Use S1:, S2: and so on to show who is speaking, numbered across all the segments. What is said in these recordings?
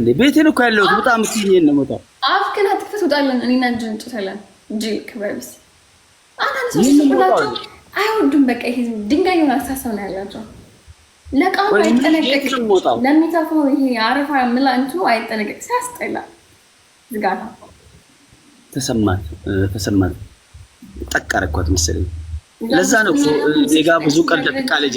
S1: እንዴ? ቤቴን እኮ ያለሁት በጣም ሲሄን ነው ሞታ
S2: አፍከን አትክፈት ውጣለን። እኔና እንጂ እንጭታለን እንጂ ክበርስ አይወዱም። በቃ ይሄ ድንጋይ የሆነ አስተሳሰብ ነው ያላቸው። አይጠነቀቅ ለሚተፋው ይሄ አረፋ አይጠነቀቅ ሲያስጠላ ዝጋታ
S1: ተሰማት ተሰማት ጠቃረኳት መሰለኝ። ለዛ ነው ዜጋ ጋ ብዙ ቀልድ ተቃለጀ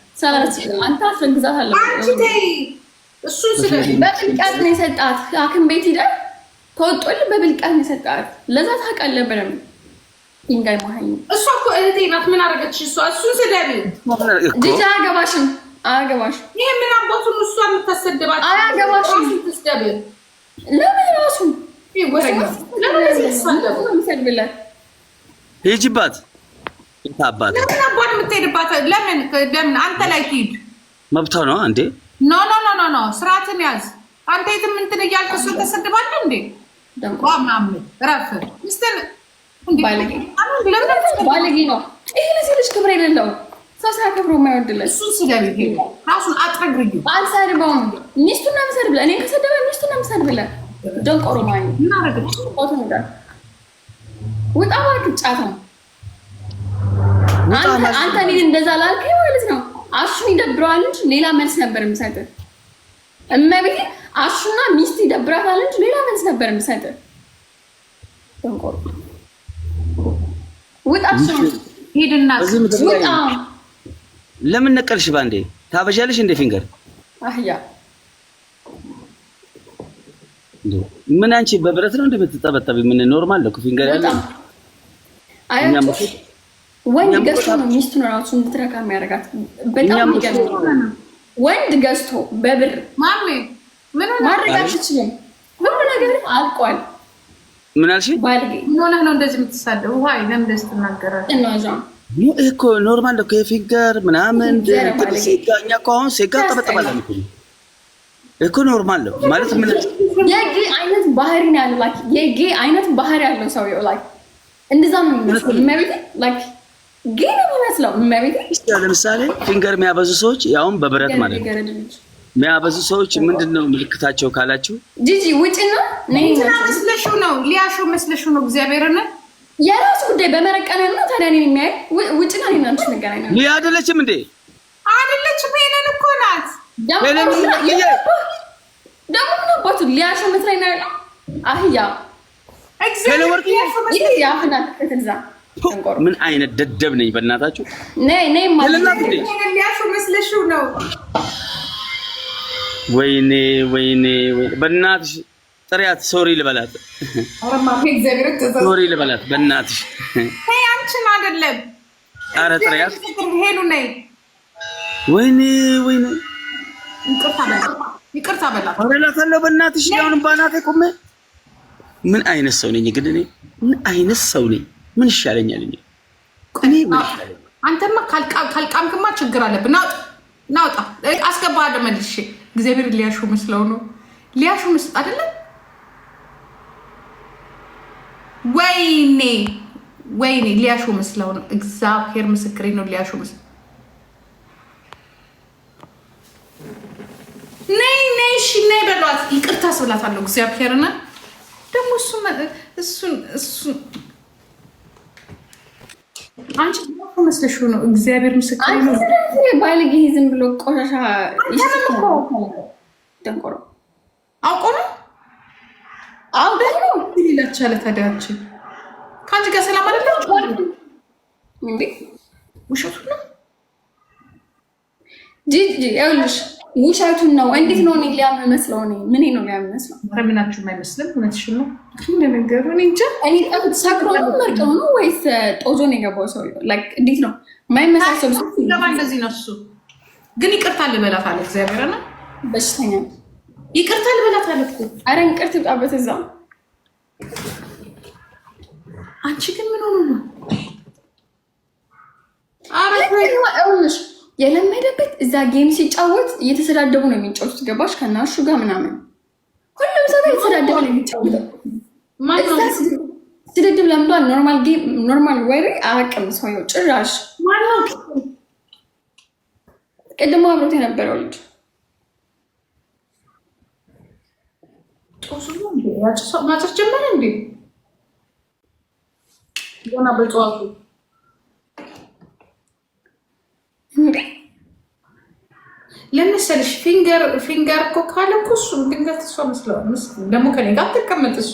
S2: በብልቀት ነው የሰጣት። ሐኪም ቤት ሂደን ከወጡል በብልቀት ነው የሰጣት። ለዛ ታውቃለህ በደምብ ድንጋይ መሀኝ እሷ እኮ እህቴ ናት። ምን አደረገች? እሷ እሱን ስደቢ ጂጂ አያገባሽም፣ አያገባሽም። ይሄ ምን አባቱን እሷ የምታሰድባት አያገባሽም። ትስደብ ለምን ራሱ ለምን ሲሰደብ
S1: ይጅባት ለምን አቧን
S2: የምትሄድባት? ለምን ለምን አንተ ላይ ትሂድ?
S1: መብቷ ነው እንዴ?
S2: ኖ ኖ ኖ ኖ ኖ፣ ስርዓትን ያዝ። አንተ የትም እንትን እያልክ እሱን ተሰድባለሁ እንዴ? ምናምን እረፍ ሚስትህ ባለጌ ነው ነው አንተ እኔን እንደዛ ላልከኝ ማለት ነው አሹ ይደብረዋል እንጂ ሌላ መልስ ነበር የምሰጥህ። እመቤቴ አሹና ሚስት ይደብራታል እንጂ ሌላ መልስ ነበር የምሰጥህ። ተንቆር ውጣ፣ ሄድና ውጣ።
S1: ለምን ነቀልሽ? ባንዴ ታበሻለሽ እንደ ፊንገር አህያ ምን አንቺ በብረት ነው እንደምትጠበጠብ? ምን ኖርማል ነው ፊንገር
S2: ያለ አይ ወንድ ገዝቶ ነው ሚስቱን ራሱ እንድትረካ የሚያደርጋት። በጣም ወንድ ገዝቶ በብር ማድረግ አትችልም። ሁሉ ነገር አልቋል። ምን ምን ሆነህ ነው እንደዚህ የምትሳደው? ውሃ
S1: እኮ ኖርማል ምናምን እኮ አሁን ሴጋ ጠበጠባለን እኮ ኖርማል ነው ማለት ምን
S2: የጌ አይነት ባህሪ ነው ያለው። የጌ አይነት ባህሪ ያለው ሰው እንደዛ ነው የሚመስለው ግን የሚመስለው
S1: ለምሳሌ ፊንገር የሚያበዙ ሰዎች ያውም በብረት ማለት ነው የሚያበዙ ሰዎች ምንድን ነው ምልክታቸው ካላችሁ፣
S2: ጂጂ ውጭ ነው መስለሹ ነው ሊያሹ መስለሹ ነው እግዚአብሔር ነ የራሱ ጉዳይ በመረቀነ ነው። ታዲያ እኔን የሚያይ ውጭ ነው። እኔና አንቺ እንገናኛለን።
S1: ሊያ አይደለችም እንዴ?
S2: አይደለችም። ሄለን እኮ ናት። ደግሞ ምን አባቱ ሊያሹ መስለኝ ነው ያለው አህያ እግዚአብሔር ሊያሹ መስለኝ ያፍናት ትዛ
S1: ምን አይነት ደደብ ነኝ በእናታችሁ። ወይኔ ወይኔ በእናትሽ ጥሪያት ሶሪ ልበላት፣ ሶሪ ልበላት በእናትሽ።
S2: አይ አንቺን አይደለም። ኧረ ጥሪያት ሄሉ ነይ።
S1: ወይኔ ወይኔ
S2: ይቅርታ በላት።
S1: ኧረ እላታለሁ በእናትሽ። አሁንም ባናቴ ቁሜ ምን አይነት ሰው ነኝ ግን እኔ ምን አይነት ሰው ነኝ? ምን ይሻለኛል? እኔ
S2: አንተማ ካልቃምክማ ችግር አለብን። ናውጣ ናውጣ፣ አስገባ መልሼ። እግዚአብሔር ሊያሹ መስለው ነው ሊያሹ ምስ አይደለም። ወይኔ ወይኔ፣ ሊያሹ መስለው ነው። እግዚአብሔር ምስክሬ ነው። ሊያሹ ምስ ነይ ነይ፣ እሺ ነይ በሏት። ይቅርታ ስብላት አለው እግዚአብሔርና ደግሞ እሱን እሱን አንቺ መስለሽ ነው። እግዚአብሔር ምስክር ነው። ባለጌ ዝም ብሎ ቆሻሻ ደንቆሮ አውቆ ነው አውደ ሌላ ቻለ። ታዲያ አንቺ ከአንቺ ጋር ሰላም አደላችሁ እንዴ? ውሸቱ ነው ጂጂ ያውልሽ ውሸቱን ነው። እንዴት ነው እኔ ሊያም መስለው? እኔ ምን ነው ሊያም መስለው? ምናችሁም አይመስልም። እውነትሽን ነው። እንደነገሩ እንጃ እኔ ሰክሮ መርጦ ነው ወይስ ጦዞ ነው የገባው ሰው? እንዴት ነው ማይመሳሰሉ? እንደዚህ ነው እሱ። ግን ይቅርታ ልበላት አለ እግዚአብሔር ነው በሽተኛ ይቅርታ ልበላት አለ እኮ። አረ እንቅርት ብጣበት እዛ። አንቺ ግን ምን ሆኑ ነው? አረ ሽ የለመደበት እዛ ጌም ሲጫወት እየተሰዳደቡ ነው የሚጫወቱት። ገባሽ? ከናሹ ጋር ምናምን ሁሉም ሰው ጋር የተሰዳደቡ ነው የሚጫወተው። ስድድብ ለምዷል። ኖርማል ጌም፣ ኖርማል ወሬ አያውቅም ሰውየው ጭራሽ። ቅድሞ አብሮት የነበረው ልጅ ማጨስ ጀመረ እንዴ? ገና በጠዋቱ ለመሰልሽ ፊንገር ፊንገር እኮ ካለ እኮ እሱ ድንገት እሷ መስለዋል። ደግሞ ከኔ ጋር ትቀመጥ እሷ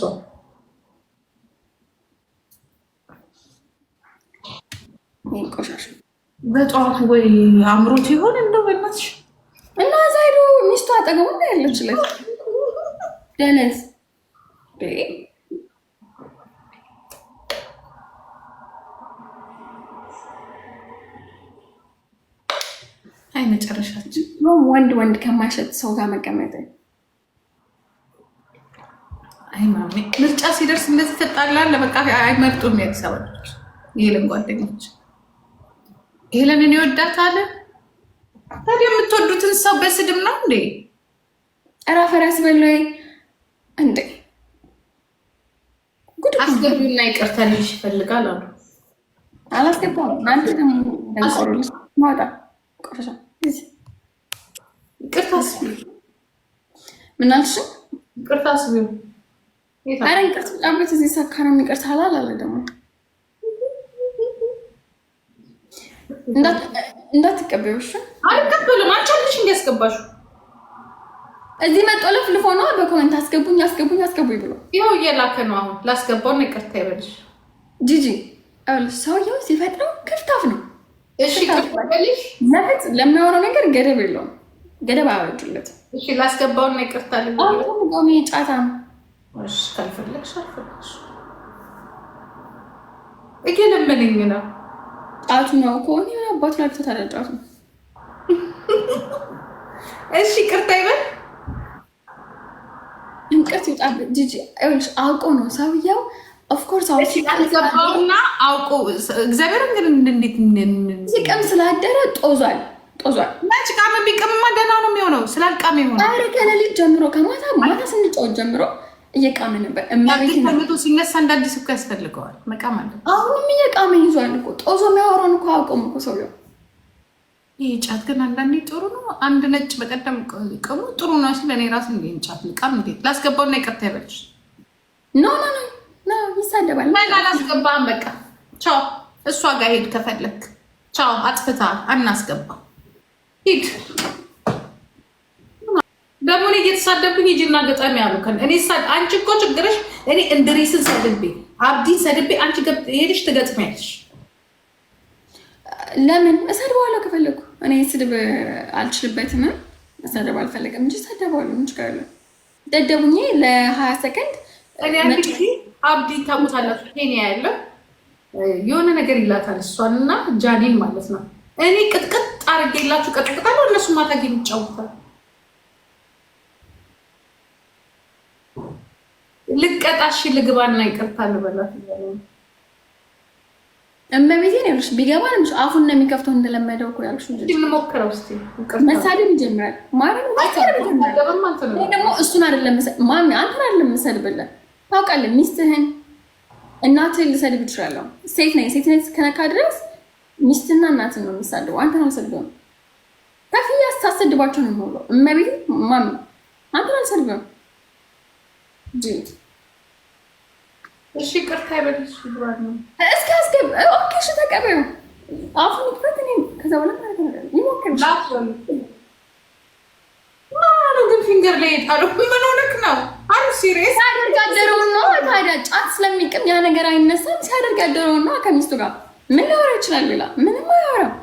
S2: በጠዋቱ ወይ አምሮት ይሆን እንደው በናትሽ እና እዛ ሚስቱ አጠገቡ ና ያለው ችለት ደነዝ አይ መጨረሻችን ወንድ ወንድ ከማይሸት ሰው ጋር መቀመጥ ምርጫ ሲደርስ እንደዚህ ተጣላለ። በቃ አይመርጡም። ያሰባች ይህልም ጓደኞች ይህለንን ይወዳታል። ታዲያ የምትወዱትን ሰው በስድብ ነው እንዴ? ራፈራስ በላይ እንዴ አስገቢና ይቅርታ ልጅ ይፈልጋል አሉ አላስገባ አንተ ደግሞ ቆሻ ይቅርታ አስቢ። ምን አልሽ? ይቅርታ አስቢ። ኧረ ይቅርታ ጫበት እዚህ ሰካራም ይቅርታ አላል አለ ደግሞ እንዳትቀበዩ። እሺ አልቀበልም። አንቻለሽ እንዲያስገባሽ እዚህ መጦለፍ ልፎና በኮሜንት አስገቡኝ አስገቡኝ አስገቡኝ ብሎ ይኸው እየላከ ነው። አሁን ላስገባው ይቅርታ ይበልሽ ጂጂ። ሰውየው ሲፈጥረው ክፍታፍ ነው። እሺ ለሚያወራው ነገር ገደብ የለውም። ገደብ አበጁለት። ላስገባውን ነው ይቅርታል። ጎሚ ጫታ ነው ካልፈለግሽ አልፈለግሽ እየለመነኝ ነው። ጫቱ ነው ከሆነ የሆነ አባቱ ላልፈት አለ ጫቱ። እሺ ቅርታ ይበል። እንቅርት ይውጣል። ጂጂ አውቆ ነው ሰውየው ኦፍኮርስ አውቆ እግዚአብሔር ግን እንዴት ሲቅም ስላደረ ጦዟል። ጦዟል። ቃም ነው የሚሆነው። ስላልቃም ከሌሊት ጀምሮ ከማታ ማታ ስንጫወት ጀምሮ እየቃመ ነበር። እማቤት ሲነሳ እንደ አዲስ እኮ ያስፈልገዋል መቃም አለ። አሁንም እየቃመ ይዟል እኮ ጦዞ የሚያወራውን እኮ እኮ ሰውየው። ይህ ጫት ግን አንዳንዴ ጥሩ ነው። አንድ ነጭ በቀደም ቅሙ ጥሩ ነው ሲል እኔ ራሱ ጫት ልቃም ይቅርታ ይበልሽ። ኖ ኖ ኖ በቃ ቻው። እሷ ጋር ሄድ ከፈለክ ቻው። አጥፍታ አናስገባ ሂድ ደግሞ እኔ እየተሳደብኝ ሂጂና ገጠሚ ያሉ እኔ አንቺ እኮ ችግርሽ እኔ እንድሪስን ሰድቤ አብዲን ሰድቤ አንቺ ሄድሽ ትገጥሚያለሽ። ለምን እሰድበዋለሁ ከፈለኩ እኔ ስድብ አልችልበትም። መሳደብ አልፈለገም እንጂ ሰደባሉ እንችላለ ደደቡኝ ለሀያ ሰከንድ አብዲ ታውቁታላችሁ። ኬንያ ያለ የሆነ ነገር ይላታል እሷንና ጃኒን ማለት ነው እኔ ቅጥቅጥ አርጌላችሁ ቀጥቅጣለሁ። እነሱ ማታ ግን ይጫወታል። ልቀጣሽ ልግባና ይቅርታ ልበላት እመቤቴ ነው ያሉሽ። ቢገባ ነው አፉን ነው የሚከፍተው እንደለመደው እኮ ያሉሽ። እንሞክረው እስቲ። መሳደብ ይጀምራል። ነው ደግሞ እሱን አይደለም ማን አንተን አይደለም የምሰድብልህ ታውቃለህ። ሚስትህን እናትህን ልሰድብ ይችላለሁ። ሴት ነኝ ሴት ነኝ ከነካ ድረስ ሚስትና እናትን ነው የሚሳደበው። አንተ ነው ሰድበው ከፍያ ስታሰድባቸው ነው የሚውለው። እመቤት ማሚ አንተ ነው እሺ ቅርታ ይበልሽ ብሏል። እስኪ አስገብ ኦኬ። ተቀበዩ አፉን ይክፈት። እኔ ከዛ በኋላ ይሞክር ግን ፊንገር ላይ የጣሉ ምን ሆነክ ነው? አሩ ሲሪየስ ሲያደርግ ያደረውን ነው ታዲያ። ጫት ስለሚቅም ያ ነገር አይነሳም። ሲያደርግ ያደረውን ነው ከሚስቱ ጋር ምን ሊያወራ ይችላል? ሌላ ምንም አያወራም።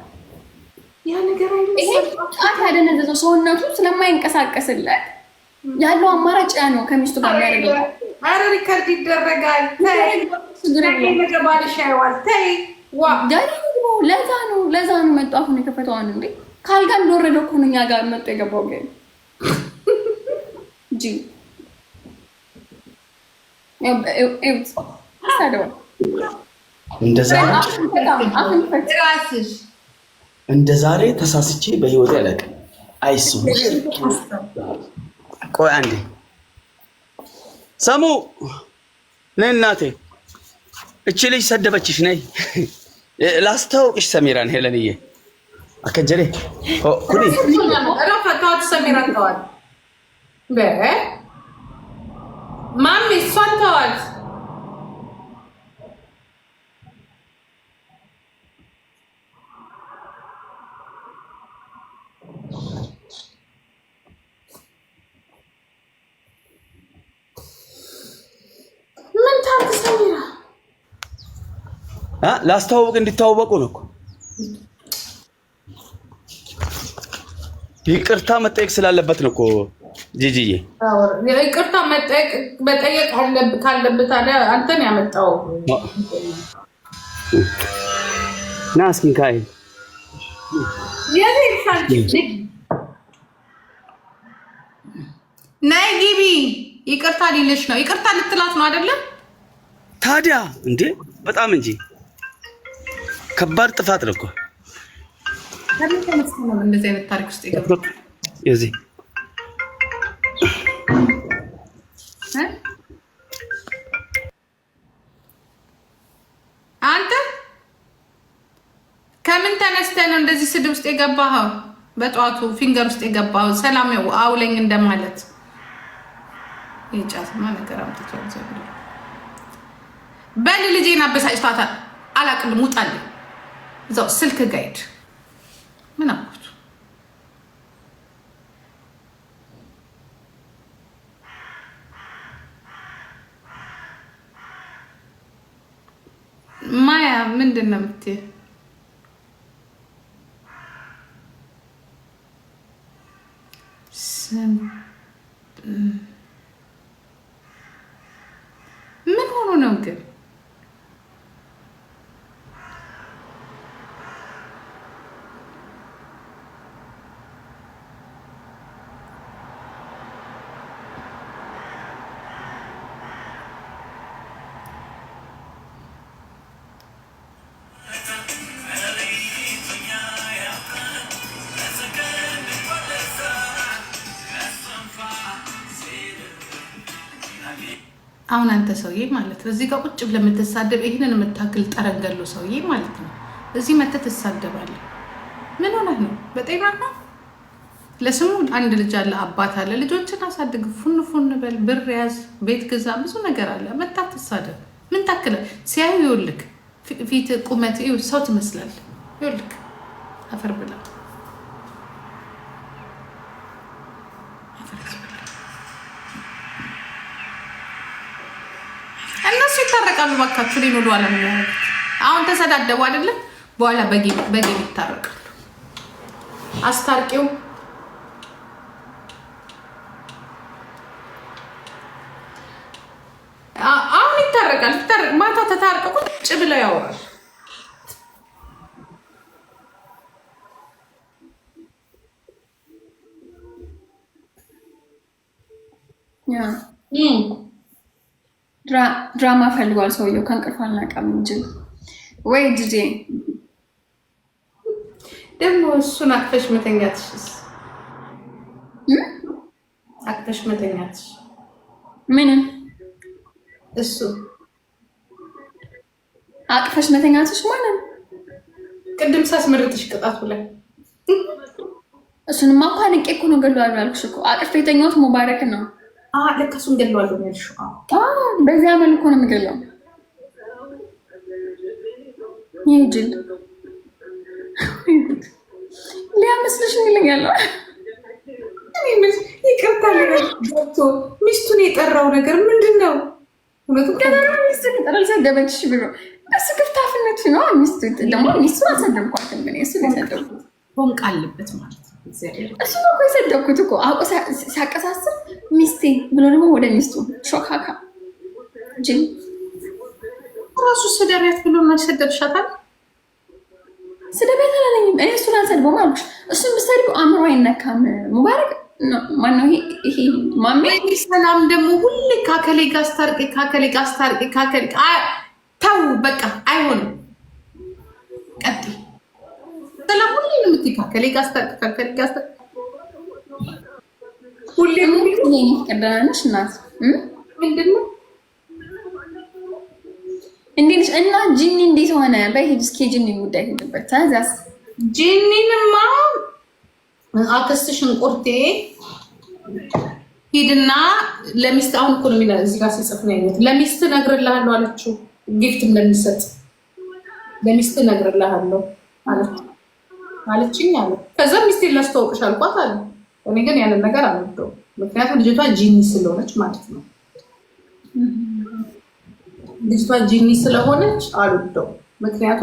S2: ያ ነገር ይሄ ጣት ያደነዘዘው ሰውነቱ ስለማይንቀሳቀስለት ያለው አማራጭ ያ ነው። ከሚስቱ ጋር ያደረገ አረ ሪከርድ ይደረጋል። ባልሽ ያየዋል። ተይ ለዛ ነው ለዛ ነው መጡ አሁን የከፈተዋን እንዴ ካልጋ እንደወረደ እኮ ነው እኛ ጋር መጡ የገባው ግን ጂ ሳደዋል
S1: እንደ ዛሬ ተሳስቼ በህይወት ያለቅ አይሱ ቆይ አንዴ ሰሙ እናቴ ልጅ ሰደበችሽ ነይ ሰሚራን ሄለንዬ አከጀሌ ኩኒ
S2: ሰሚራን ማሚ እሷን
S1: ላስተዋወቅ እንዲተዋወቁ ነው እኮ። ይቅርታ መጠየቅ ስላለበት ነው እኮ ጂጂዬ።
S2: ይቅርታ መጠየቅ ካለብህ ታዲያ አንተን ያመጣው ና እስኪ ካይ ናይ ግቢ ይቅርታ ሊልሽ ነው። ይቅርታ ልትላት ነው አይደለም?
S1: ታዲያ እንዴ! በጣም እንጂ ከባድ ጥፋት ነው እኮ
S2: እንደዚህ አንተ ከምን ተነስተህ ነው እንደዚህ ስድብ ውስጥ የገባኸው? በጠዋቱ ፊንገር ውስጥ የገባው ሰላም አውለኝ እንደማለት ይጫትማ ነገር አምጥቶ በል ልጄን አበሳጭቷታል። አላቅልም ውጣልኝ እዛው ስልክ ጋይድ ምን አባቱ ማያ ምንድን ነው የምትይው? አሁን አንተ ሰውዬ ማለት ነው ጋር ቁጭ ብለህ የምትሳደብ ይህንን የምታክል ጠረንገሎ ሰውዬ ማለት ነው እዚህ መተህ ትሳደባለህ። ምን ሆነህ ነው? በጤና ነው? ለስሙ አንድ ልጅ አለ፣ አባት አለ፣ ልጆችን አሳድግ፣ ፉን ፉን በል፣ ብር ያዝ፣ ቤት ግዛ፣ ብዙ ነገር አለ። መታ ትሳደብ ምን ታክለ ሲያዩ ይውልክ ፊት ቁመት ሰው ትመስላል። ይውልክ አፈር ብላ ይታረቃሉ። ባካችሁ ላይ ኖዶ አለም አሁን ተሰዳደቡ አይደለም፣ በኋላ በጌም ይታረቃሉ። አስታርቂው አሁን ይታረቃል። ማታ ተታርቀው ቁጭ ብለው ያወራል። ያ ድራማ ፈልጓል ሰውየው። ከእንቅልፍ አልነቃም እንጂ ወይ ጊዜ ደግሞ እሱን አቅፈሽ መተኛትሽስ አቅፈሽ መተኛትሽ ምንም እሱ አቅፈሽ መተኛትሽ ማለት ቅድም ሳስመርጥሽ ቅጣቱ ላይ እሱንማ እኮ አንቄ እኮ ነው ገለዋለሁ ያልኩሽ እኮ አቅፍ የተኛሁት ሙባረክ ነው። ለካ እሱን ገለዋለሁ ያልሽው በዚያ መልኩ ነው የሚገለው። ይህ ጅል ሊያመስልሽ የሚለኝ ያለው ይቅርታ ገብቶ ሚስቱን የጠራው ነገር ምንድን ነው? ሚስቱን የጠራ ሰደበችሽ ብሎ እሱ ክፍታፍነት ነው። ሚስቱ ደግሞ ሚስቱ አልሰደብኳትም እኔ እሱ የሰደብኩት ሆንቅ አለበት ማለት ነው። እሱ እኮ የሰደብኩት እኮ አውቆ ሲያቀሳስብ ሚስቴ ብሎ ደግሞ ወደ ሚስቱ ሾካካ ጅን ራሱ ስደሪያት ብሎ ሰደብሻታል። ስደቢያት አላለኝም እኔ እሱን አልሰድበውም አልኩሽ። እሱን ብትሰድቢው አእምሮ አይነካም። ሙባረክ ማነው ይሄ ማሜ ሰላም ደግሞ ሁሌ ካከሌ ጋር አስታርቂ፣ ካከሌ ጋር አስታርቂ፣ ካከሌ ተው በቃ አይሆንም። ቀጥይ ሰላም ሁሌ ነው የምትይው። ካከሌ ጋር አስታርቂ፣ ካከሌ ጋር አስታርቂ ሁሌ ምንድነው? እንዴት እና ጂኒ እንዴት ሆነ? በሂድ እስኪ ጂኒ ጉዳይ ሄድበት። ታዛስ ጂኒንማ አክስትሽን ቁርጤ ሂድና ለሚስት አሁን እኮ ነው እዚህ ጋር ሲጽፍ ነው ያለው። ለሚስት እነግርልሃለሁ አለችው። ጊፍት እንደሚሰጥ ለሚስት እነግርልሃለሁ አለችው አለችኝ አለ። ከዛ ሚስቴ ላስተዋውቅሽ አልኳት አለ። እኔ ግን ያንን ነገር አልወደውም፣ ምክንያቱም ልጅቷ ጂኒ ስለሆነች ማለት ነው። ልጅቷ ጂኒ ስለሆነች አልወደውም። ምክንያቱም